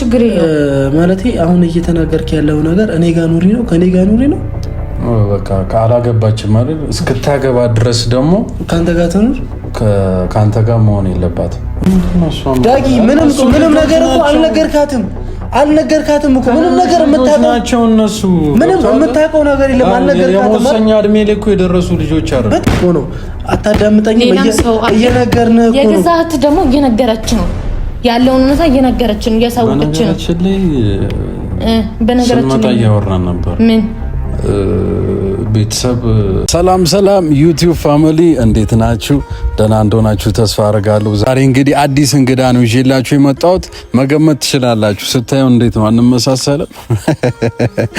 ችግር ማለቴ አሁን እየተናገርክ ያለው ነገር እኔ ጋ ኑሪ ነው ከእኔ ጋ ኑሪ ነው። በቃ አላገባችም አይደል? እስክታገባ ድረስ ደግሞ ከአንተ ጋር ትኑር። ከአንተ ጋር መሆን የለባትም ዳጊ። ምንም ነገር እኮ አልነገርካትም አልነገርካትም እኮ ምንም ነገር የምታውቀው እነሱ ምንም የምታውቀው ነገር የለም። አልነገርካትም። የመወሰኛ እድሜ ላይ እኮ የደረሱ ልጆች አሉ። በጥቆ ነው አታዳምጠኝም። እየነገርን እኮ ነው። የገዛህት ደግሞ እየነገረች ነው ያለውን እውነታ እየነገረችን እያሳወቀች ነው። በነገራችን ላይ ስንመጣ እያወራን ነበር ምን ቤተሰብ ሰላም ሰላም፣ ዩቲዩብ ፋሚሊ እንዴት ናችሁ? ደህና እንደሆናችሁ ተስፋ አድርጋለሁ ዛሬ እንግዲህ አዲስ እንግዳ ነው ይዤላችሁ የመጣሁት። መገመት ትችላላችሁ። ስታየው እንዴት ነው አንመሳሰልም?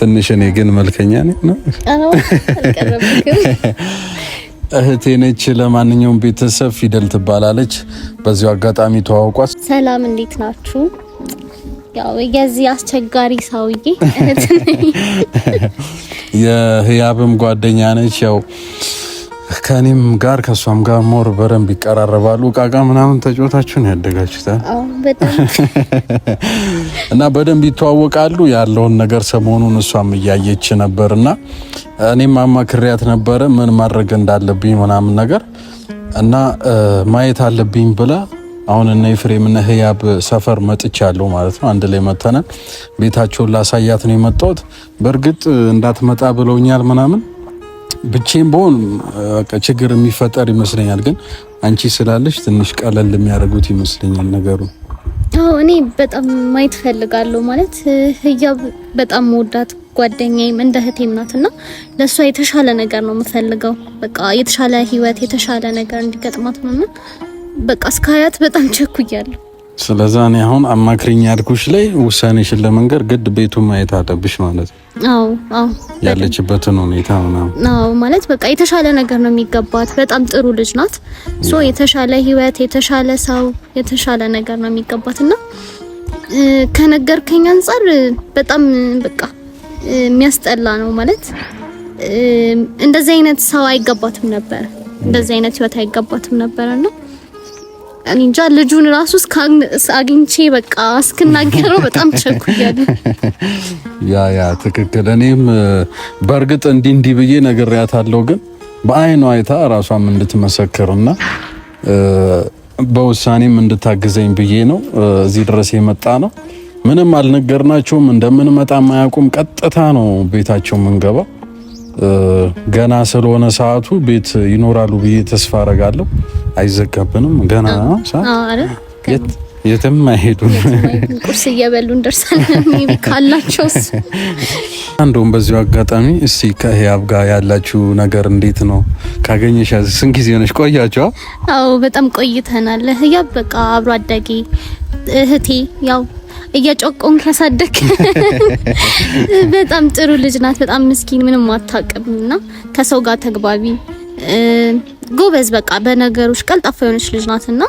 ትንሽ እኔ ግን መልከኛ ነኝ ነው እህቴ ነች። ለማንኛውም ቤተሰብ ፊደል ትባላለች። በዚሁ አጋጣሚ ተዋውቋት። ሰላም እንዴት ናችሁ? ያው የዚህ አስቸጋሪ ሰውዬ እህት ነኝ። የህያብም ጓደኛ ነች። ያው ከእኔም ጋር ከእሷም ጋር ሞር በደንብ ይቀራረባሉ። እቃቃ ምናምን ተጫወታችሁ ነው ያደጋችሁታል እና በደንብ ይተዋወቃሉ። ያለውን ነገር ሰሞኑን እሷም እያየች ነበር እና እኔም አማክሪያት ነበረ ምን ማድረግ እንዳለብኝ ምናምን ነገር እና ማየት አለብኝ ብላ አሁን እነ ኤፍሬም እነ ህያብ ሰፈር መጥቻለሁ ማለት ነው። አንድ ላይ መተናል። ቤታቸውን ላሳያት ነው የመጣሁት። በእርግጥ እንዳትመጣ ብለውኛል ምናምን ብቼም በሆን ችግር የሚፈጠር ይመስለኛል። ግን አንቺ ስላለሽ ትንሽ ቀለል የሚያደርጉት ይመስለኛል ነገሩ። እኔ በጣም ማየት ፈልጋለሁ ማለት ህያብ በጣም መወዳት ጓደኛዬም እንደ እህቴም ናት እና ለእሷ የተሻለ ነገር ነው የምፈልገው። በቃ የተሻለ ህይወት የተሻለ ነገር እንዲገጥማት ነው በቃ እስከ ሀያት በጣም ቸኩያለሁ። ስለዛ እኔ አሁን አማክሪኝ ያልኩሽ ላይ ውሳኔሽን ለመንገር ግድ ቤቱን ማየት አለብሽ ማለት ነው። አዎ አዎ፣ ያለችበትን ሁኔታ ምናምን። አዎ ማለት በቃ የተሻለ ነገር ነው የሚገባት። በጣም ጥሩ ልጅ ናት። ሶ የተሻለ ህይወት፣ የተሻለ ሰው፣ የተሻለ ነገር ነው የሚገባት እና ከነገርከኝ አንጻር በጣም በቃ የሚያስጠላ ነው ማለት እንደዚህ አይነት ሰው አይገባትም ነበር። እንደዚህ አይነት ህይወት አይገባትም ነበርና እንጃ ልጁን ራሱ አግኝቼ በቃ እስክናገረው በጣም ቸኩያለሁ። ያ ያ ትክክል። እኔም በእርግጥ እንዲህ እንዲህ ብዬ ነግሬያታለሁ፣ ግን በአይኗ አይታ ራሷም እንድትመሰክርና በውሳኔም እንድታግዘኝ ብዬ ነው እዚህ ድረስ የመጣ ነው። ምንም አልነገርናቸውም፣ እንደምንመጣም አያውቁም። ቀጥታ ነው ቤታቸው ምንገባው። ገና ስለሆነ ሰዓቱ ቤት ይኖራሉ ብዬ ተስፋ አረጋለሁ። አይዘጋብንም። ገና ሰዓት የትም አይሄዱም። ቁርስ እየበሉ እንደርሳለን ካላቸው እንደውም በዚሁ አጋጣሚ እስቲ ከህያብ ጋር ያላችሁ ነገር እንዴት ነው? ካገኘሽ ስንት ጊዜ ሆነሽ ቆያችሁ? አዎ በጣም ቆይተናል። ህያብ በቃ አብሮ አዳጌ እህቴ ያው እያጮቆንክ ያሳደግ በጣም ጥሩ ልጅ ናት። በጣም ምስኪን ምንም አታውቅም እና ከሰው ጋር ተግባቢ ጎበዝ በቃ በነገሮች ቀልጣፋ የሆነች ልጅ ናት እና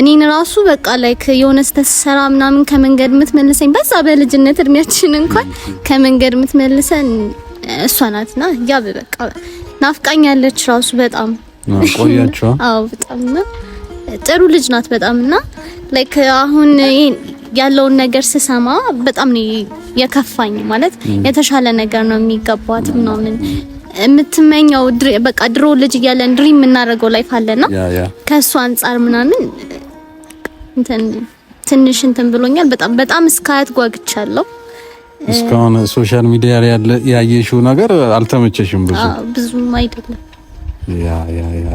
እኔን ራሱ በቃ ላይክ የሆነ ስተሰራ ምናምን ከመንገድ የምትመልሰኝ በዛ በልጅነት እድሜያችን እንኳን ከመንገድ የምትመልሰን እሷ ናት ናትና ያ በቃ ናፍቃኛለች ራሱ በጣም ቆያቸዋ። አዎ በጣም ጥሩ ልጅ ናት በጣም እና ላይክ አሁን ያለውን ነገር ስሰማ በጣም ነው የከፋኝ። ማለት የተሻለ ነገር ነው የሚገባት ምናምን የምትመኘው በቃ ድሮ ልጅ እያለን ድሪም የምናደርገው ላይፍ አለና ከእሱ አንጻር ምናምን ትንሽ እንትን ብሎኛል። በጣም በጣም እስካያት ጓግቻለሁ። እስካሁን ሶሻል ሚዲያ ያየሽው ነገር አልተመቸሽም? ብዙ ብዙም አይደለም። ያ ያ ያ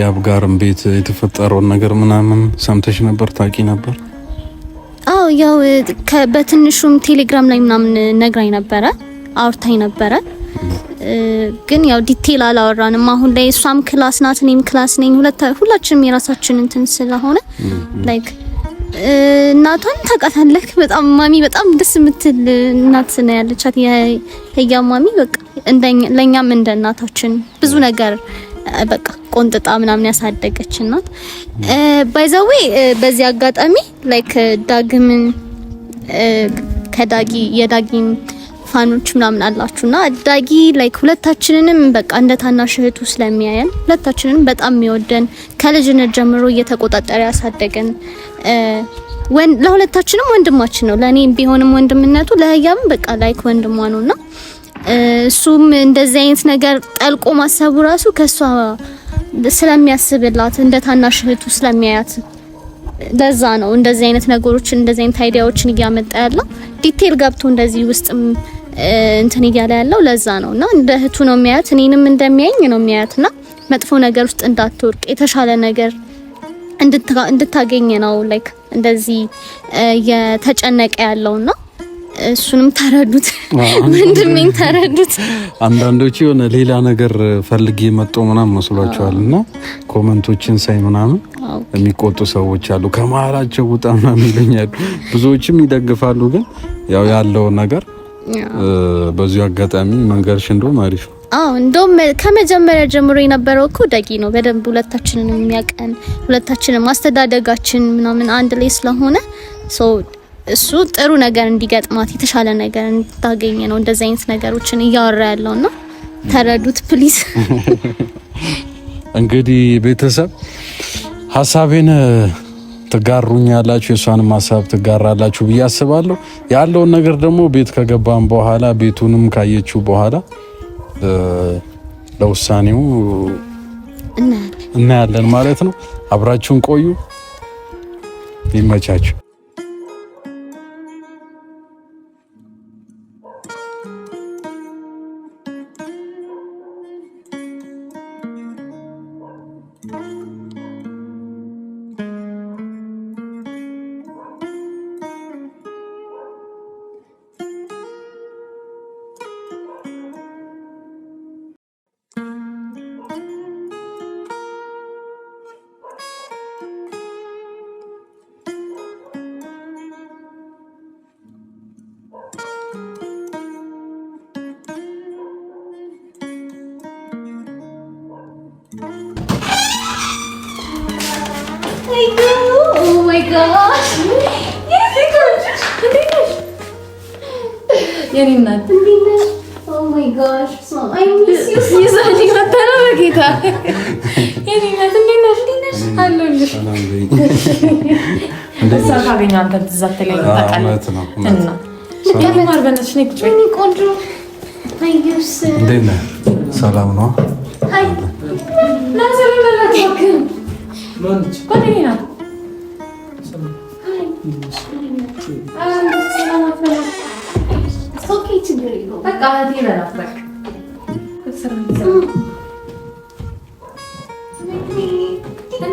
ያ ጋርም ቤት የተፈጠረውን ነገር ምናምን ሰምተሽ ነበር ታቂ ነበር አዎ ያው በትንሹም ቴሌግራም ላይ ምናምን ነግራኝ ነበረ፣ አውርታኝ ነበረ። ግን ያው ዲቴል አላወራንም። አሁን ላይ እሷም ክላስ ናት፣ እኔም ክላስ ነኝ። ሁላችንም የራሳችን እንትን ስለሆነ ላይክ እናቷን ታውቃታለህ። በጣም ማሚ በጣም ደስ የምትል እናት ነው ያለቻት የህያ ማሚ። በቃ ለእኛም እንደ እናታችን ብዙ ነገር በቃ ቆንጥጣ ምናምን ያሳደገች ናት። ባይዛዌ በዚህ አጋጣሚ ላይክ ዳግምን ከዳጊ የዳጊን ፋኖች ምናምን አላችሁና ዳጊ ላይክ ሁለታችንንም በቃ እንደ ታናሽ እህቱ ስለሚያየን ሁለታችንን በጣም የሚወደን ከልጅነት ጀምሮ እየተቆጣጠረ ያሳደገን ለሁለታችንም ወንድማችን ነው። ለኔ ቢሆንም ወንድምነቱ ለህያም በቃ ላይክ ወንድሟ ነውና እሱም እንደዚህ አይነት ነገር ጠልቆ ማሰቡ ራሱ ከሷ ስለሚያስብላት እንደ ታናሽ እህቱ ስለሚያያት ለዛ ነው እንደዚህ አይነት ነገሮችን እንደዚህ አይነት አይዲያዎችን እያመጣ ያለው ዲቴል ገብቶ እንደዚህ ውስጥም እንትን እያለ ያለው ለዛ ነው። እና እንደ እህቱ ነው የሚያያት፣ እኔንም እንደሚያኝ ነው የሚያያት። እና መጥፎ ነገር ውስጥ እንዳትወርቅ የተሻለ ነገር እንድታገኝ ነው ላይክ እንደዚህ እየተጨነቀ ያለውና እሱንም ተረዱት፣ ወንድሜን ተረዱት። አንዳንዶቹ የሆነ ሌላ ነገር ፈልጌ የመጣሁ ምናምን መስሏቸዋል እና ኮመንቶችን ሳይ ምናምን የሚቆጡ ሰዎች አሉ። ከመሀላቸው ውጣ ምናምን ይሉኛሉ። ብዙዎችም ይደግፋሉ። ግን ያው ያለው ነገር በዚሁ አጋጣሚ መንገርሽ እንደውም አሪፍ አዎ እንደውም ከመጀመሪያ ጀምሮ የነበረው እኮ ደቂ ነው። በደንብ ሁለታችንን የሚያቀን ሁለታችንን ማስተዳደጋችን ምናምን አንድ ላይ ስለሆነ እሱ ጥሩ ነገር እንዲገጥማት የተሻለ ነገር እንድታገኝ ነው እንደዚህ አይነት ነገሮችን እያወራ ያለውና ተረዱት ፕሊዝ። እንግዲህ ቤተሰብ ሀሳቤን ትጋሩኛላችሁ፣ የእሷንም ሀሳብ ትጋራላችሁ ብዬ አስባለሁ። ያለውን ነገር ደግሞ ቤት ከገባን በኋላ ቤቱንም ካየችው በኋላ ለውሳኔው እናያለን ማለት ነው። አብራችሁን ቆዩ። ይመቻችሁ። እዛ ሰላም ነው።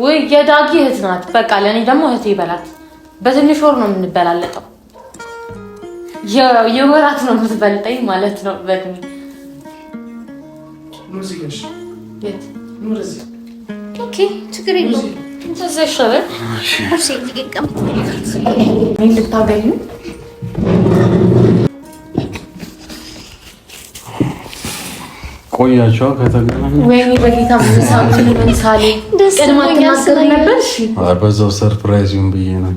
ውይ የዳጊ እህት ናት። በቃ ለእኔ ደግሞ እህት ይበላት። በትንሽ ወር ነው የምንበላለጠው። የወራት ነው የምትበልጠኝ ማለት ነው። በእድሜ ችግር የለውም። ልታገኙ ቆያቸው ከተገናኘ ወይኔ በጌታ ምሳምን ምሳሌ ሰርፕራይዝ ብዬ ነው።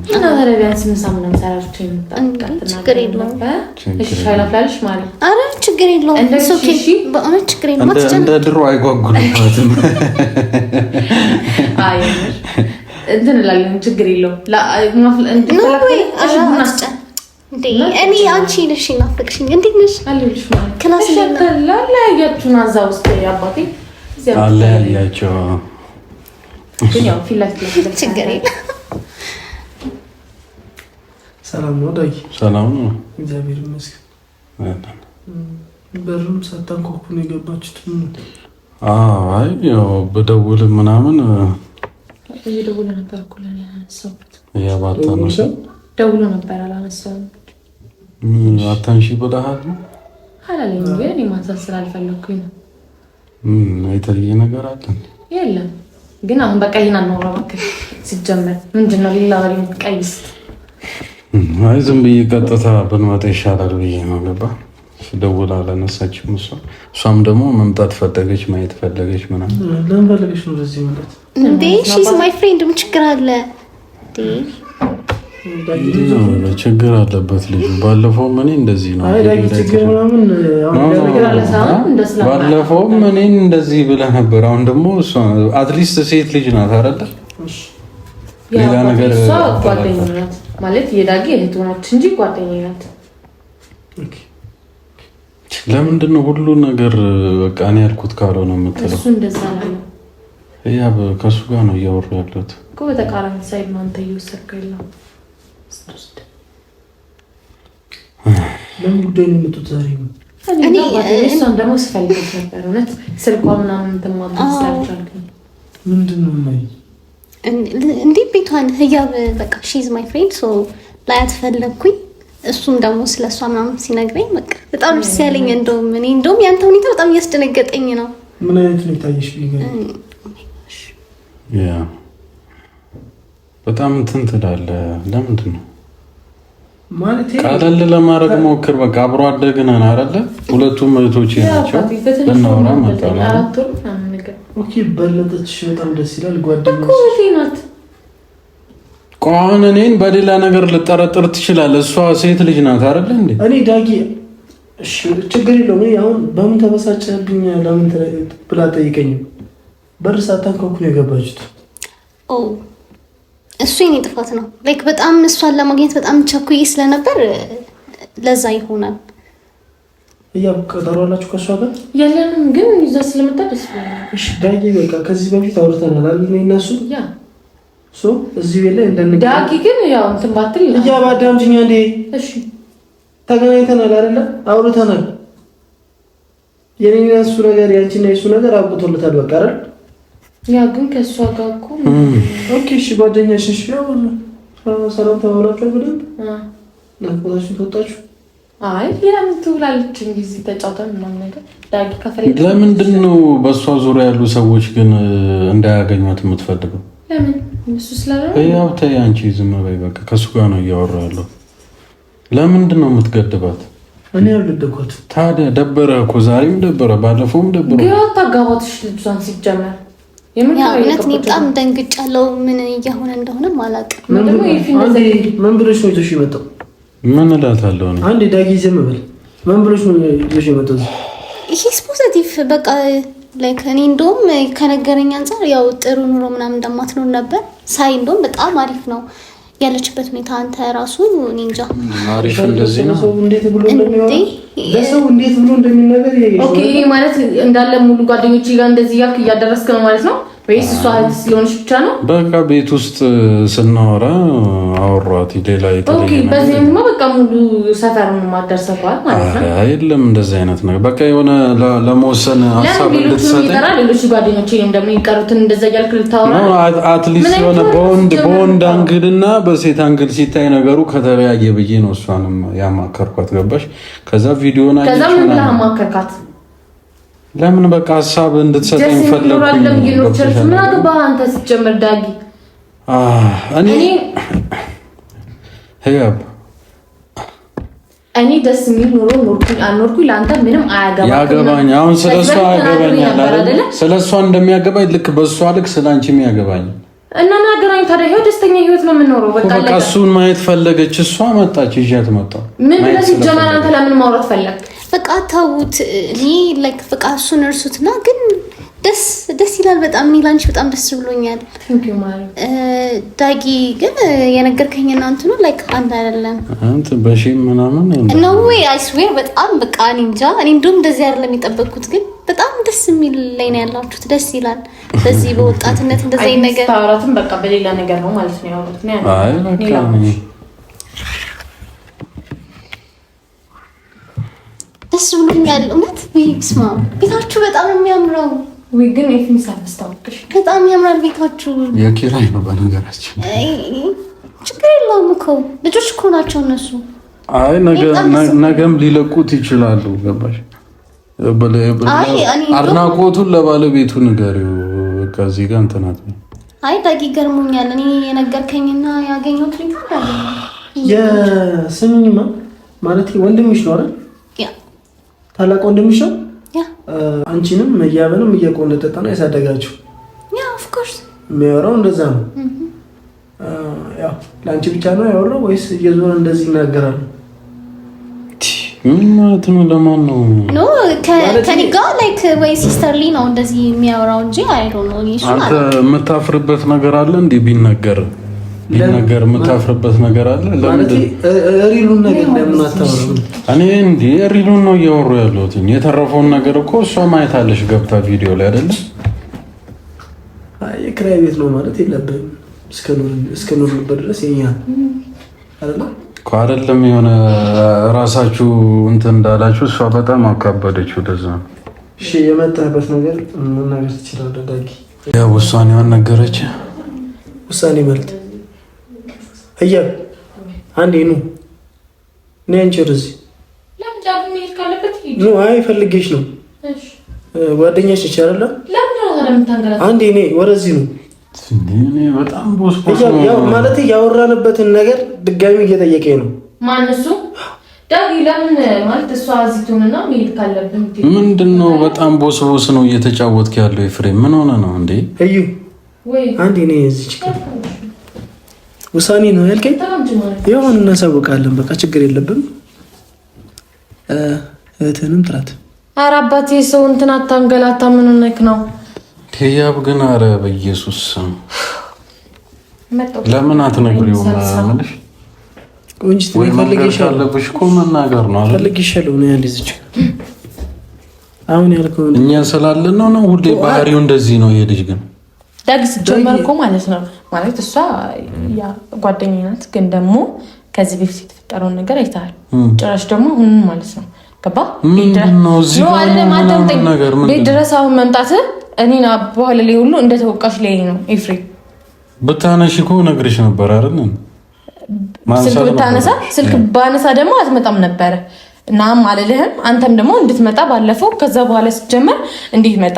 አለያያችሁን እዛ ውስጥ አባቴ አለያያቸው። ችግር የለም። ሰላም ነው ዳጊ? ሰላም ነው፣ እግዚአብሔር ይመስገን። በሩም ሳታንኳኩ ነው የገባችሁት? አይ ያው በደውል ምናምን እየደውለ ነበር እኮ ለእኔ ያነሳሁት ነው ደውሎ ነበር አላነሳሁም። አታንሺ ብለሃል ነው አላለኝ። ግን እኔ ማንሳት ስላልፈለኩኝ ነው። የተለየ ነገር አለ የለም። ግን አሁን በቃ ይህን አልኖረ እባክህ። ሲጀመር ምንድን ነው ሌላ ወሬ የምትቀይስ? አይ ዝም ብዬ ቀጥታ ብንመጣ ይሻላል ብዬ ነው። ገባ ደውላ አላነሳችም። እሷ እሷም ደግሞ መምጣት ፈለገች፣ ማየት ፈለገች ምናምን። ለምን ፈለገች ነው እንደዚህ ማለት እንዴ? ሺ ኢዝ ማይ ፍሬንድ ምን ችግር አለ? እንዴ? ችግር አለበት ልጁ። ባለፈውም እኔ እንደዚህ ነው፣ ባለፈውም እኔን እንደዚህ ብለህ ነበር። አሁን ደግሞ አትሊስት ሴት ልጅ ናት አይደለ? ሌላ ነገር ማለት የዳጊ እንጂ ጓደኛ ለምንድነው ለምንድን ነው ሁሉ ነገር በቃ እኔ ያልኩት ካልሆነ የምትለው? ከእሱ ጋር ነው እያወሩ ያሉት። በተቃራኒ ሳይድ ነው እየወሰድከው የለም ለምን ጉዳይ ነው የምትውት ዛሬ ነው? እሷን ደግሞ ስፈልጋት ነበር። እውነት ስልኳ ምናምን ምንድን ነው የማይ እንዴ ቤቷን ህያብ በቃ ሺዝ ማይ ፍሬንድ ሶ ላያት ፈለግኩኝ። እሱም ደግሞ ስለ እሷ ምናምን ሲነግረኝ በቃ በጣም ደስ ያለኝ። እንደውም እኔ እንደውም ያንተ ሁኔታ በጣም እያስደነገጠኝ ነው። ምን አይነት ነው የታየሽ? በጣም እንትን ትላለህ። ለምንድን ነው ቀለል ለማድረግ ሞክር። በቃ አብሮ አደግን አይደለ? ሁለቱም እህቶቼ ናቸው። ልናወራ መጣ እኔን በሌላ ነገር ልጠረጥር ትችላለህ። እሷ ሴት ልጅ ናት አይደለ እንዴ? እኔ ዳጊ ችግር የለውም። እኔ አሁን በምን ተበሳጨህብኝ ለምን ብላ ጠይቀኝ። በር ሳታንኳኩ ነው የገባችሁት እሱ የኔ ጥፋት ነው። ላይክ በጣም እሷን ለማግኘት በጣም ቸኩዬ ስለነበር ለዛ ይሆናል። እያ ቀጠሮ አላችሁ ከእሷ ጋር ያለንም ግን ይዛ ስለመጣ ደስ ዳጊ፣ በቃ ከዚህ በፊት አውርተናል እነሱ እዚህ ቤት ላይ እንደን ዳጊ ግን ያው እንትን ባትል እያባዳምጅኛ እንዴ ተገናኝተናል አይደለ? አውርተናል። የኔና እሱ ነገር ያንቺና የሱ ነገር አብቅቶለታል። በቃ አይደል ያ ግን ከእሷ ጋር እኮ ኦኬ፣ እሺ፣ ጓደኛሽ እሺ፣ ሰላም ተባብላችሁ በደንብ ናፍቆታችሁን ተወጣችሁ? አይ ሌላ ምን ትውላለች እንጂ ተጫውተን ምናምን ነገር ዳጊ ከፈለ ለምንድን ነው በእሷ ዙሪያ ያሉ ሰዎች ግን እንዳያገኟት የምትፈልገው? ለምን እሱ ስለሆነ ያው አንቺ ዝም በይ በቃ። ከእሱ ጋር ነው እያወራ ያለው። ለምንድን ነው የምትገድባት? እኔ ያልገደኳት ታዲያ። ደበረ እኮ ዛሬም ደበረ፣ ባለፈውም ደበረ። ግን አታጋባትሽ ልጇን ሲጀመር እውነት እኔ በጣም ደንግጫለሁ። ምን እየሆነ እንደሆነም አላውቅም። ምን ነው ይዞሽ የመጣው? ምን እላታለሁ እኔ አንዴ ዳጊ ዝም በል። ምን ነው ይዞሽ የመጣው? ይሄስ ፖዘቲቭ በቃ ላይክ እኔ እንደውም ከነገረኝ አንጻር ያው ጥሩ ኑሮ ምናምን እንደማትኖር ነበር ሳይ እንደውም በጣም አሪፍ ነው ያለችበት ሁኔታ አንተ ራሱ እኔ እንጃ አሪፍ እንደዚህ ነው። እንዴት ብሎ እንደሚነገር ይሄ ማለት እንዳለ ሙሉ ጓደኞች ጋር እንደዚህ እያልክ እያደረስክ ነው ማለት ነው። ወይስ እሷ ስለሆነች ብቻ ነው? በቃ ቤት ውስጥ ስናወራ አወሯት። ሌላ በቃ ሙሉ ሰፈር ማደርሰዋል ማለት ነው። የለም እንደዚህ አይነት ነገር በቃ የሆነ ለመወሰን ሀሳብ ልትሰጠኝ ሌሎች ጓደኞች ደግሞ እንደዛ እያልክ ልታወራ አትሊስት የሆነ በወንድ በወንድ አንግል እና በሴት አንግል ሲታይ ነገሩ ከተለያየ ብዬ ነው እሷንም ያማከርኳት። ገባሽ? ከዛ ቪዲዮን ከዛ ምን ብለህ አማከርካት? ለምን በቃ ሀሳብ እንድትሰጠኝ ፈለግኩኝ። ያገባኝ አሁን ስለ እሷ ያገባኛል ስለ እሷ እንደሚያገባኝ ልክ በእሷ ልክ ስለ አንቺም ያገባኝ እና ናገራኝ ታዲያ። ይኸው ደስተኛ ህይወት ነው የምንኖረው። በቃ በቃ እሱን ማየት ፈለገች፣ እሷ መጣች፣ ይዣት መጣሁ። ምን ብለህ ሲጀመር አንተ ለምን ማውራት ፈለግ በቃ ታውት ላይክ በቃ እሱን እርሱትና ግን ደስ ደስ ይላል በጣም እኔ ላንቺ በጣም ደስ ብሎኛል። ዳጊ ግን የነገርከኝ እናንት ነው ላይክ አንድ አይደለም አንተ በሺ ምናምን ነው አይስዌር በጣም በቃ እኔ እንጃ እኔ እንደውም እንደዚህ አይደለም የጠበቅኩት ግን በጣም ደስ የሚል ላይ ነው ያላችሁት። ደስ ይላል። በዚህ በወጣትነት እንደዚህ ነገር ታውራቱን በቃ በሌላ ነገር ነው ማለት ነው ያሉት ደስ ብሎኛል። እውነት ስማ፣ ቤታችሁ በጣም ነው የሚያምረው ወይ ግን የትም በጣም ያምራል ቤታችሁ። የኪራይ ነው በነገራችን። ችግር የለውም እኮ ልጆች እኮ ናቸው እነሱ። አይ ነገም ሊለቁት ይችላሉ። ገባሽ? አድናቆቱን ለባለቤቱ ንገሪው። ከዚህ ጋር እንትናት አይ ዳጊ ገርሞኛል። እኔ የነገርከኝና ያገኘሁት ልጅ የስምኝማ ማለት ወንድምሽ ነው አይደል? ታላቅ ወንድምሽ ነው። አንቺንም እያበንም እየቆነጠጠ ነው ያሳደጋችሁ። የሚያወራው እንደዛ ነው። ለአንቺ ብቻ ነው ያወራው ወይስ እየዞረ እንደዚህ ይናገራል? ምን ማለት ነው? ለማን ነው ኖ ከኒጋ ላይክ ወይ ሲስተርሊ ነው እንደዚህ የሚያወራው እንጂ አይሮ ነው። እሱን አለ የምታፍርበት ነገር አለ እንዴ ቢናገር ነገር የምታፍርበት ነገር አለ። ሪሉን እኔ እንዲ ሪሉን ነው እያወሩ ያለሁት። የተረፈውን ነገር እኮ እሷ ማየት አለሽ ገብታ ቪዲዮ ላይ አይደለም። የክራይ ቤት ነው ማለት የለብህም። እስከኖርንበት ድረስ የኛ አይደለም። የሆነ ራሳችሁ እንትን እንዳላችሁ እሷ በጣም አካበደችው። ለዛ ነው እሺ፣ የመጣህበት ነገር መናገር ትችላለህ። ዳጊ ያው ውሳኔዋን ነገረች። ውሳኔ ማለት እያሉ አንዴ ኑ ነይ አንቺ ወደዚህ ኑ። አይ ፈልጌሽ ነው ጓደኛሽ ነች አይደለ? አንዴ ነይ ወደዚህ ነው ማለት ያወራንበትን ነገር ድጋሚ እየጠየቀኝ ነው። ማን እሱ ዳጊ? ለምን ማለት ምንድን ነው? በጣም ቦስ ቦስ ነው እየተጫወትክ ያለው ኤፍሬም። ምን ሆነ ነው እንዴ? እዩ አንዴ ነይ እዚህ ውሳኔ ነው ያልከኝ። ይሁን እናሳውቃለን። በቃ ችግር የለብም። እህትህንም ጥራት። አረ አባቴ ሰው እንትን አታንገላታ። ምን ሆነህ ነው ህያብ? ግን አረ በኢየሱስ ለምን አትነግሪውም? መናገር ነው አሁን ያልከው እኛ ስላለን ነው ነው። ሁሌ ባህሪው እንደዚህ ነው የልጅ ግን ዳግስ ጀመር እኮ ማለት ነው። ማለት እሷ ጓደኛ ናት፣ ግን ደግሞ ከዚህ በፊት የተፈጠረውን ነገር አይተሃል። ጭራሽ ደግሞ አሁን ማለት ነው ገባ ቤት ድረስ አሁን መምጣት እኔን በኋላ ላይ ሁሉ እንደ ተወቃሽ ላይ ነው። ኤፍሬም ብታነሽ እኮ ነግሬሽ ነበር አይደል? ስልክ ብታነሳ ስልክ ባነሳ ደግሞ አትመጣም ነበረ። እናም አልልህም። አንተም ደግሞ እንድትመጣ ባለፈው፣ ከዛ በኋላ ስትጀመር እንዴት መጣ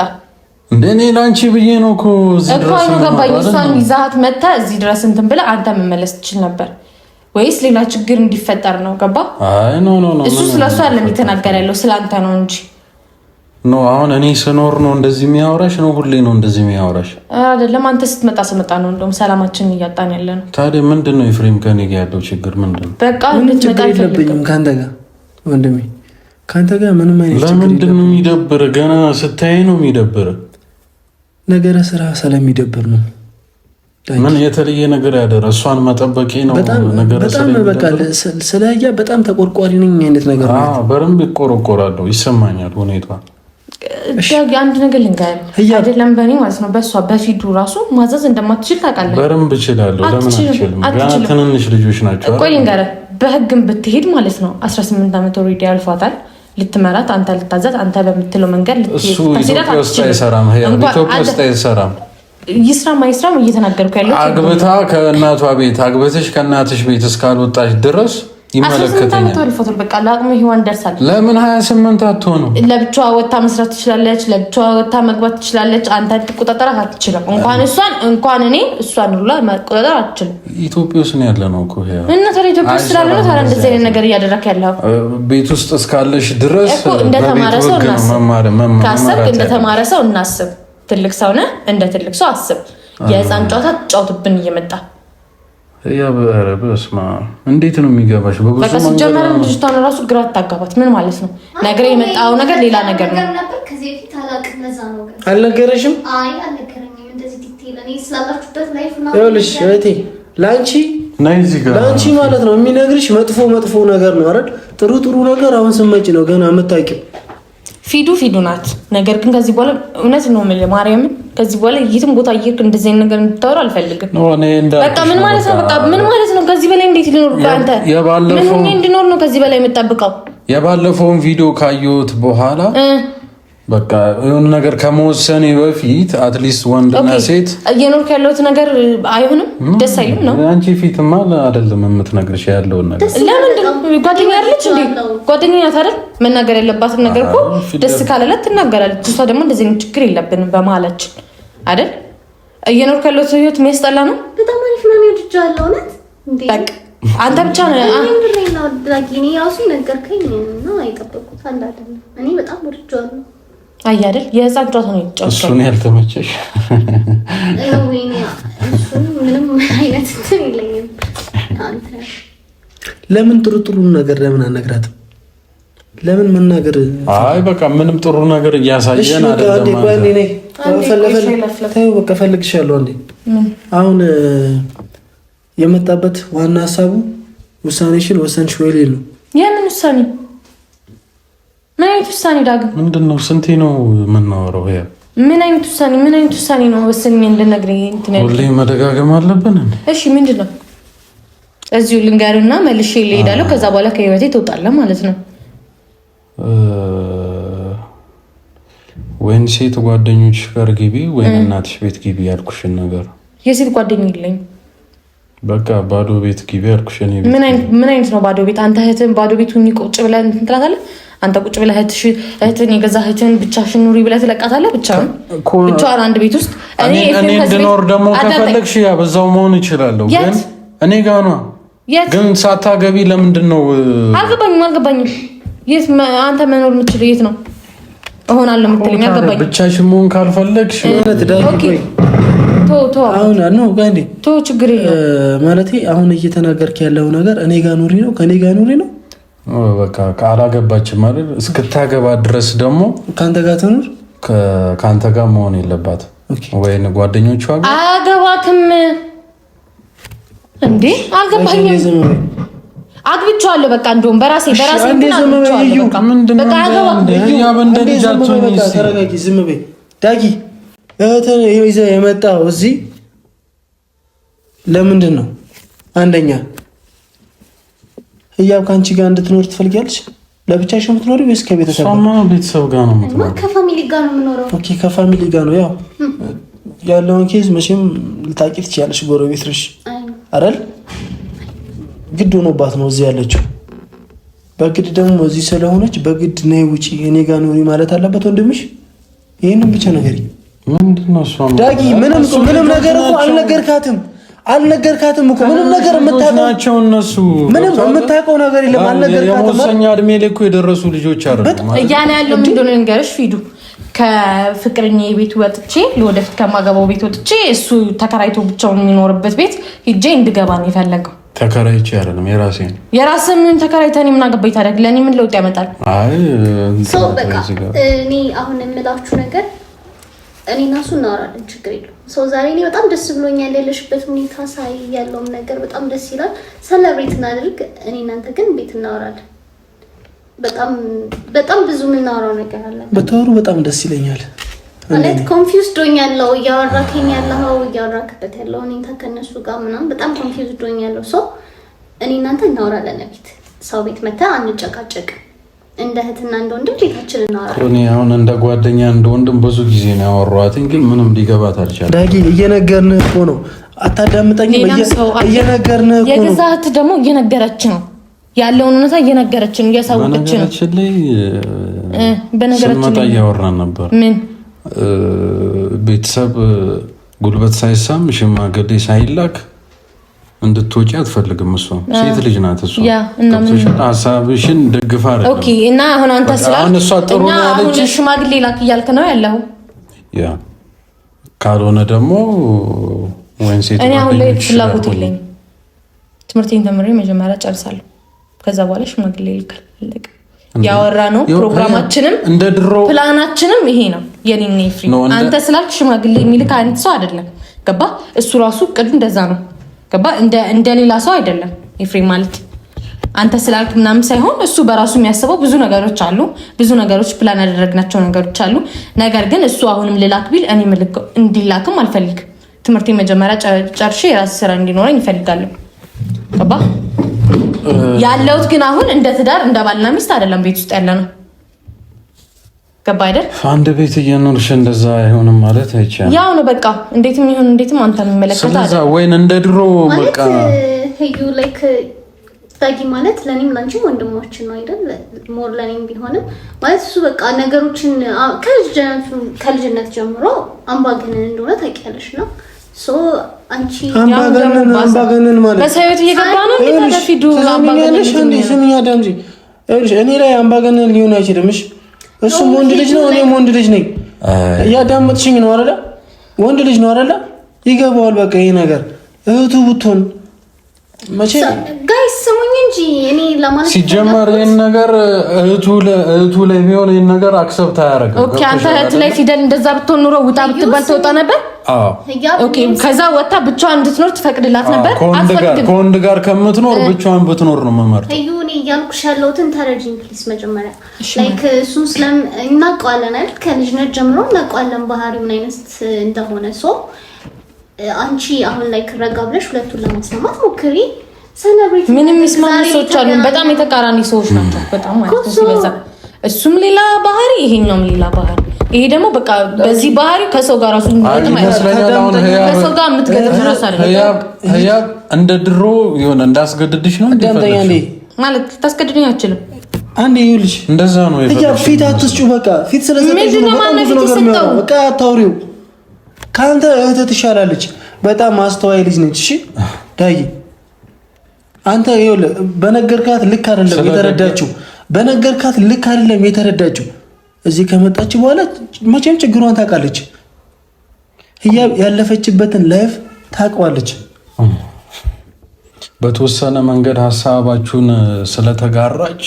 እኔ ላንቺ ብዬ ነው እኮ ገባኝ። እሷን ይዛት መታ እዚህ ድረስ እንትን ብለህ አንተ መመለስ ትችል ነበር ወይስ ሌላ ችግር እንዲፈጠር ነው? ገባ አይ ኖ ኖ ኖ፣ እሱ ስለ እሷ አለ የሚተናገር ያለው ስለ አንተ ነው እንጂ ኖ አሁን እኔ ስኖር ነው እንደዚህ የሚያወራሽ ነው? ሁሌ ነው እንደዚህ የሚያወራሽ አይደለም። አንተ ስትመጣ ስመጣ ነው እንደውም ሰላማችንን እያጣን ያለ ነው። ታዲያ ምንድን ነው ኤፍሬም፣ ከኔ ጋር ያለው ችግር ምንድን ነው? በቃ ችግር የለብኝም ከአንተ ጋር ወንድሜ፣ ከአንተ ጋር ምንም አይነት ችግር ለምንድን ነው የሚደብር? ገና ስታይ ነው የሚደብር ነገረ ስራ ስለሚደብር ነው። ምን የተለየ ነገር ያደረ እሷን መጠበቂ ነው። በጣም ተቆርቋሪ ነኝ አይነት ነገር በደንብ ይቆረቆራለሁ፣ ይሰማኛል ሁኔታ አንድ ነገር ልንገርህ አይደለም፣ በእኔ ማለት ነው። በእሷ በፊዱ ራሱ ማዘዝ እንደማትችል ታውቃለህ። በደንብ እችላለሁ። ትንንሽ ልጆች ናቸው። ቆይ ልንገርህ፣ በህግም ብትሄድ ማለት ነው 18 ዓመት ኦልሬዲ ያልፏታል። ልትመራት አንተ ልታዛት አንተ በምትለው መንገድ ኢትዮጵያ ውስጥ አይሰራም፣ ኢትዮጵያ ውስጥ አይሰራም። ይስራም አይስራም እየተናገርኩ ያለው አግብታ ከእናቷ ቤት አግብተሽ ከእናትሽ ቤት እስካልወጣሽ ድረስ ለምን ሀያ ስምንት አትሆንም? ለብቻዋ ወታ መስራት ትችላለች። ለብቻዋ ወታ መግባት ትችላለች። አንተ ልትቆጣጠራት አትችልም። እንኳን እሷን እንኳን እኔ እሷን ሁላ መቆጣጠር አትችልም። ኢትዮጵያ ውስጥ ነው ያለ ነው እኮ እና ታዲያ ኢትዮጵያ ውስጥ ስላለ ነው ታዲያ እንደዚህ አይነት ነገር እያደረክ ያለው ቤት ውስጥ እስካለሽ ድረስ እንደተማረ ሰው እናስብ። ካሰብክ እንደተማረ ሰው እናስብ። ትልቅ ሰው ነህ፣ እንደ ትልቅ ሰው አስብ። የህፃን ጨዋታ ጫውትብን እየመጣ ያበረ በስማ እንዴት ነው የሚገባሽ? በቃ ሲጀመር ልጅቷን ራሱ ግራ ታጋባት። ምን ማለት ነው ነገር የመጣው ነገር ሌላ ነገር ነው። አልነገረሽም? ይኸውልሽ እህቴ ለአንቺ ለአንቺ ማለት ነው የሚነግርሽ መጥፎ መጥፎ ነገር ነው አይደል? ጥሩ ጥሩ ነገር አሁን ስመጭ ነው ገና የምታውቂው ፊዱ ፊዱ ናት። ነገር ግን ከዚህ በኋላ እውነት ነው የምልህ ማርያምን፣ ከዚህ በኋላ የትም ቦታ እየሄድክ እንደዚህ ዓይነት ነገር እንድታወራ አልፈልግም። በቃ ምን ማለት ነው? በቃ ምን ማለት ነው? ከዚህ በላይ እንዴት ልኖር? አንተ ምን እንድኖር ነው ከዚህ በላይ የምጠብቀው? የባለፈውን ቪዲዮ ካየሁት በኋላ በቃ የሆነ ነገር ከመወሰኔ በፊት አትሊስት ወንድና ሴት እየኖርክ ያለሁት ነገር አይሆንም፣ ደስ አይልም ነው። አንቺ ፊትማ አይደለም የምትነግርሽ ያለውን ነገር ለምንድን ነው? ጓደኛ አለች እንዴ? ጓደኛ ናት አይደል? መናገር ያለባትም ነገር እኮ ደስ ካለላት ትናገራለች። እሷ ደግሞ እንደዚህ ዓይነት ችግር የለብንም በመሀላችን አይደል? እየኖርክ ያለሁት ህይወት የሚያስጠላ ነው። በጣም አሪፍ ነው። ወድጄዋለሁ። እውነት በቃ አንተ ብቻ ነው ራሱ ነገርከኝ ነው። አይጠበቁት አለ አይደለም። እኔ በጣም ወድጄዋለሁ አያደል የህፃን ጨዋታ ነው የሚጫወተው። እሱን ያልተመቸሽ ለምን ጥሩ ጥሩ ነገር ለምን አነግራትም? ለምን መናገር? አይ በቃ ምንም ጥሩ ነገር እያሳየን በቃ ፈልግሻለሁ። አንዴ አሁን የመጣበት ዋና ሀሳቡ ውሳኔሽን ወሰንሽ ወይሌ ነው። የምን ውሳኔ አይነት ውሳኔ ዳግም? ምንድን ነው? ስንቴ ነው የምናወራው? ምን አይነት ውሳኔ ምን አይነት ውሳኔ ነው ወስኜ እንድነግርህ ሁሌ መደጋገም አለብን? እሺ ምንድን ነው? እዚሁ ልንገርና መልሼ ልሄዳለሁ። ከዛ በኋላ ከህይወቴ ትወጣለህ ማለት ነው። ወይም ሴት ጓደኞች ጋር ግቢ ወይም እናትሽ ቤት ግቢ ያልኩሽን ነገር የሴት ጓደኛ የለኝም በቃ ባዶ ቤት ግቢ አልኩሽ። ምን አይነት ነው ባዶ ቤት? አንተ እህትን ባዶ ቤት ቁጭ ብለህ እንትን ትላታለህ። አንተ ቁጭ ብለህ እህትን የገዛ እህትን ብቻሽን ኑሪ ብለህ ትለቃታለህ። ብቻ ብቻዋን አንድ ቤት ውስጥ እኔ እኔ እንድኖር ደግሞ ከፈለግሽ ያ በዛው መሆን ይችላለሁ፣ ግን እኔ ጋር ነዋ። ግን ሳታገቢ ለምንድን ነው? አልገባኝም አልገባኝም። የት አንተ መኖር የምትችለው የት ነው? እሆናለሁ የምትለኝ አልገባኝም። ብቻሽን መሆን ካልፈለግሽ ችግር ማለቴ አሁን እየተናገርክ ያለው ነገር እኔ ጋ ኑሪ ነው ከኔ ጋ ኑሪ ነው። በቃ አላገባችም ማለት እስክታገባ ድረስ ደግሞ ከአንተ ጋር ትኑር። ከአንተ ጋር መሆን የለባት ወይን ጓደኞቹ አገባትም እንዴ? አልገባኝም። አግብቼዋለሁ በቃ እንደውም በራሴ በራሴ ምንድን ነው እህትን የመጣው እዚህ ለምንድን ነው? አንደኛ ህያብ ከአንቺ ጋር እንድትኖር ትፈልጊያለሽ? ለብቻሽ የምትኖሪ ወይስ ከቤተሰብ ጋር? ቤተሰብ ጋር ነው የምትኖሪው? ከፋሚሊ ጋር ነው የምኖረው። ኦኬ ከፋሚሊ ጋር ነው። ያው ያለውን ኬዝ መቼም ልታቂ ትችያለሽ። ጎረቤት ነሽ አይደል? ግድ ሆኖባት ነው እዚህ ያለችው። በግድ ደግሞ እዚህ ስለሆነች በግድ ነይ ውጪ፣ እኔ ጋር ኖሪ ማለት አለበት ወንድምሽ። ይህንን ብቻ ነገር ዳጊ ምንም ምንም ነገር እኮ አልነገርካትም አልነገርካትም እኮ ምንም ነገር የምታውቀው እነሱ ምንም የምታውቀው ነገር የለም። አልነገርካትም። የመወሰኛ እድሜ ላይ እኮ የደረሱ ልጆች አይደለም እያለ ያለው ምንድን ነው ንገርሽ ሂዱ ከፍቅርኛ ቤት ወጥቼ ለወደፊት ከማገባው ቤት ወጥቼ እሱ ተከራይቶ ብቻውን የሚኖርበት ቤት ሂጄ እንድገባ ነው የፈለገው። ተከራይቼ አይደለም የራሴ ነው። የራስህ ምን ተከራይተህ እኔ ምን አገባኝ ታዲያ? ለእኔ ምን ለውጥ ያመጣል? አይ ሰው በቃ እኔ አሁን የምላችሁ ነገር እኔ እና እሱ እናወራለን፣ ችግር የለም። ሰው ዛሬ እኔ በጣም ደስ ብሎኛል። ያለሽበት ሁኔታ ሳይ ያለውም ነገር በጣም ደስ ይላል። ሰለብሬት እናድርግ። እኔ እናንተ ግን ቤት እናወራለን። በጣም በጣም ብዙ የምናወራው ነገር አለ። በተወሩ በጣም ደስ ይለኛል። ማለት ኮንፊውዝ ዶኛለው እያወራከኝ ያለው እያወራክበት ያለው ሁኔታ ከነሱ ጋር ምናምን በጣም ኮንፊውዝ ዶኛለው። ሰው እኔ እናንተ እናወራለን። ቤት ሰው ቤት መታ አንጨቃጨቅ እንደ እህትና እንደ ወንድም ቤታችን እኔ አሁን እንደ ጓደኛ እንደ ወንድም ብዙ ጊዜ ነው ያወራኋት፣ ግን ምንም ሊገባት አልቻለም። ዳጊ እየነገርንህ እኮ ነው፣ አታዳምጠኝም። እየነገርንህ እኮ ነው። የገዛ እህት ደግሞ እየነገረች ነው ያለውን እውነታ እየነገረች ነው፣ እያሳወቀች ነው። በነገራችን ላይ እያወራን ነበር። ምን ቤተሰብ ጉልበት ሳይሳም ሽማግሌ ሳይላክ እንድትወጪ አትፈልግም። እሷ ሴት ልጅ ናት። እሷ ሀሳብሽን ደግፋ እና አሁን አንተ ስላልክ ሽማግሌ ላክ እያልክ ነው ያለው። ካልሆነ ደግሞ ወይን ሴት እኔ አሁን ላይ ፍላጎት የለኝ። ትምህርቴን ተምሬ መጀመሪያ ጨርሳለሁ። ከዛ በኋላ ሽማግሌ ይልካል። ያወራ ነው ፕሮግራማችንም፣ እንደ ድሮ ፕላናችንም ይሄ ነው። የኔ ፍሪ አንተ ስላልክ ሽማግሌ የሚልክ አይነት ሰው አይደለም። ገባ እሱ ራሱ ቅድ እንደዛ ነው። ገባ እንደ ሌላ ሰው አይደለም ኤፍሬም ማለት አንተ ስላልክ ምናምን ሳይሆን እሱ በራሱ የሚያስበው ብዙ ነገሮች አሉ። ብዙ ነገሮች ፕላን ያደረግናቸው ነገሮች አሉ። ነገር ግን እሱ አሁንም ልላክ ቢል እኔ ምልክ እንዲላክም አልፈልግም። ትምህርት መጀመሪያ ጨርሼ የራስ ስራ እንዲኖረኝ ይፈልጋለሁ። ገባ ያለሁት ግን አሁን እንደ ትዳር እንደ ባልና ሚስት አይደለም ቤት ውስጥ ያለ ነው። ገባ አይደል? አንድ ቤት እየኖርሽ እንደዛ አይሆንም ማለት አይቻልም። ያው ነው በቃ። እንዴትም ይሁን እንዴትም አንተ የሚመለከት አይደል? ወይን እንደ ድሮ በቃ ዩ ላይክ ዳጊ ማለት ለኔም ላንቺም ወንድማችን ነው አይደል? ሞር ለኔም ቢሆንም ማለት እሱ በቃ ነገሮችን ከልጅነት ጀምሮ አምባገነን እንደሆነ ታውቂያለሽ ነው አምባገነን ማለት እየገባ ነው እኔ ላይ ሊሆን አይችልም። እሺ እሱም ወንድ ልጅ ነው፣ እኔም ወንድ ልጅ ነኝ። እያዳመጥሽኝ ነው አይደለ? ወንድ ልጅ ነው አይደለ? ይገባዋል። በቃ ይሄ ነገር እህቱ ብትሆን መቼ ጋይስ ስሙኝ ሲጀመር ይህን ነገር እህቱ ላይ ቢሆን ይህን ነገር አክሰብት አያደርግም። ኦኬ አንተ እህት ላይ ፊደል እንደዛ ብትሆን ኑሮ ውጣ ብትባል ተወጣ ነበር። ከዛ ወታ ብቻዋን እንድትኖር ትፈቅድላት ነበር። ከወንድ ጋር ከምትኖር ብቻዋን ብትኖር ነው የምመርጠው። እኔ እያልኩሽ ያለሁትን ተረጅኝ ፕሊስ። መጀመሪያ ላይክ እሱን ስለም እናውቀዋለን አይደል? ከልጅነት ጀምሮ እናውቀዋለን ባህሪ ምን አይነት እንደሆነ። ሰው አንቺ አሁን ላይ ረጋ ብለሽ ሁለቱን ለማስማማት ሞክሪ። ምንም የሚስማሙ ሰዎች አሉ። በጣም የተቃራኒ ሰዎች ናቸው። በጣም ማለት ሲበዛ እሱም ሌላ ባህሪ፣ ይሄኛውም ሌላ ባህሪ። ይሄ ደግሞ በቃ በዚህ ባህሪ ከሰው ጋር ራሱ ከሰው ጋር የምትገጥም ራሱ ህያብ እንደ ድሮ የሆነ እንዳስገድድሽ ነው ማለት ታስገድድኝ አችልም። አንድ ይኸውልሽ፣ እንደዛ ነው ፊት አትስጩ። በቃ ፊት ስለሰጠው በቃ አታውሪው። ከአንተ እህትህ ትሻላለች። በጣም አስተዋይ ልጅ ነች። እሺ ዳይ አንተ ይኸውልህ በነገርካት ልክ አይደለም የተረዳችው። በነገርካት ልክ አይደለም የተረዳችው። እዚህ ከመጣች በኋላ መቼም ችግሯን ታውቃለች። ህያብ ያለፈችበትን ላይፍ ታውቀዋለች። በተወሰነ መንገድ ሀሳባችሁን ስለተጋራች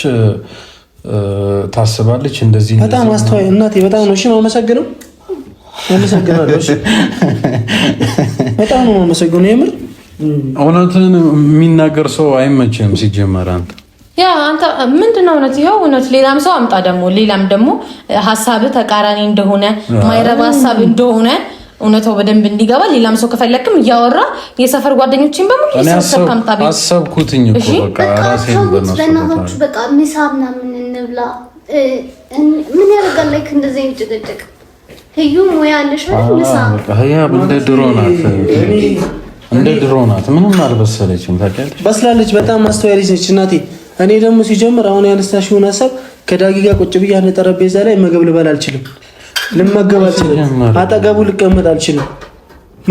ታስባለች። እንደዚህ በጣም አስተዋይ እናቴ፣ በጣም ነው። እሺ አመሰግነው አመሰግናለሁ። በጣም ነው አመሰግነው የምር እውነትን የሚናገር ሰው አይመችም። ሲጀመር አንተ ያ አንተ ምንድን ነው እውነት? ይኸው እውነት ሌላም ሰው አምጣ ደግሞ ሌላም ደግሞ ሀሳብ ተቃራኒ እንደሆነ ማይረባ ሀሳብ እንደሆነ እውነታው በደንብ እንዲገባ ሌላም ሰው ከፈለክም እያወራ የሰፈር ጓደኞችን በሙሉ ሰፈር ካምጣ አሰብኩትኝ በቃ ምሳ ምናምን እንብላ ምን ያደርጋል ላይ እንደዚህ ጭቅጭቅ ህዩ ሙያ ያለሽ ምሳ ያ እንደ ድሮ ናት እንደ ድሮ ናት። ምንም አልበሰለችም። ታውቂያለሽ፣ በስላለች። በጣም አስተዋይ ልጅ ነች እናቴ። እኔ ደግሞ ሲጀምር አሁን ያነሳሽውን ሀሳብ ከዳጊ ጋር ቁጭ ብዬ አንድ ጠረጴዛ ላይ መገብ ልበል አልችልም፣ ልመገብ አልችልም፣ አጠገቡ ልቀመጥ አልችልም።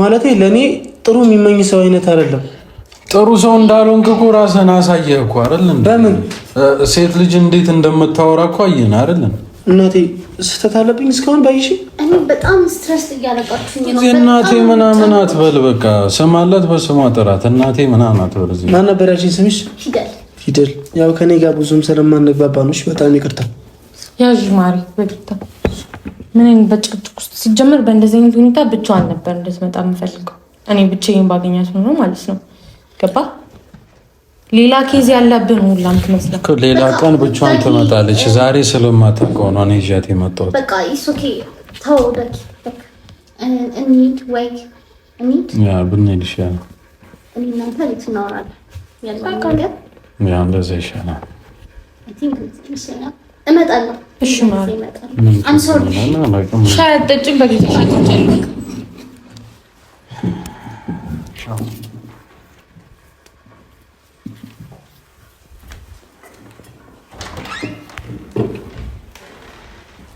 ማለቴ ለእኔ ጥሩ የሚመኝ ሰው አይነት አይደለም። ጥሩ ሰው እንዳልሆንክ እኮ ራስህን አሳየህ እኮ አይደለም። በምን ሴት ልጅ እንዴት እንደምታወራ እኮ አየን አይደለም እናቴ ስህተት አለብኝ እስካሁን ባይሽ እኔ በጣም ስትረስ እያለባችሁ ነው። እናቴ ምናምን አትበል፣ በቃ ስማለት በስሟ ጥራት። እናቴ ምናምን አትበል። እዚህ ማን ነበር ያልሽኝ ስምሽ? ፊደል ፊደል። ያው ከኔ ጋር ብዙም ስለማንግባባ ነው። እሺ በጣም ይቅርታ። ያዥ ማሪ፣ በቅርታ ምን በጭቅጭቅ ውስጥ ሲጀምር በእንደዚህ አይነት ሁኔታ ብቻዋን ነበር እንደዚህ መጣ የምፈልገው እኔ ብቻዬን ባገኛት ሆኖ ማለት ነው። ገባ ሌላ ኬዝ ያለብን ሁላ ምትመስለው ሌላ ቀን ብቻዋን ትመጣለች። ዛሬ ስለማታውቀው ነው እኔ ይዣት የመጣሁት። በቃ ተው በቃ እንሂድ ወይ እንሂድ፣ ያ ይሻላል።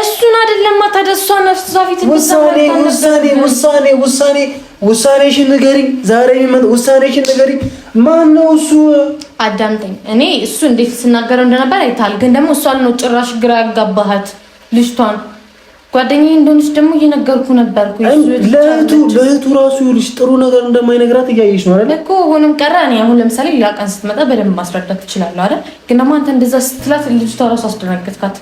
እሱን አይደለም ማታደሷ ነፍሷ ፊት ውሳኔ ውሳኔ ውሳኔ ውሳኔ ውሳኔሽን ንገሪ። ዛሬ የሚመጣ ውሳኔሽን ንገሪ። ማን ነው እሱ? አዳምጠኝ። እኔ እሱ እንዴት ስናገረው እንደነበር አይታል። ግን ደግሞ እሷን ነው ጭራሽ ግራ ያጋባሃት ልጅቷን ጓደኛዬ እንደሆነች ደግሞ እየነገርኩ ነበርኩ። ለእህቱ ለእህቱ ራሱ ይኸውልሽ ጥሩ ነገር እንደማይነግራት እያየሽ ነው አይደል እኮ ሆኖም ቀረ። እኔ አሁን ለምሳሌ ሌላ ቀን ስትመጣ በደንብ ማስረዳት ትችላለሁ አይደል? ግን ደግሞ አንተ እንደዛ ስትላት ልጅቷ ራሱ አስደነገጥካት።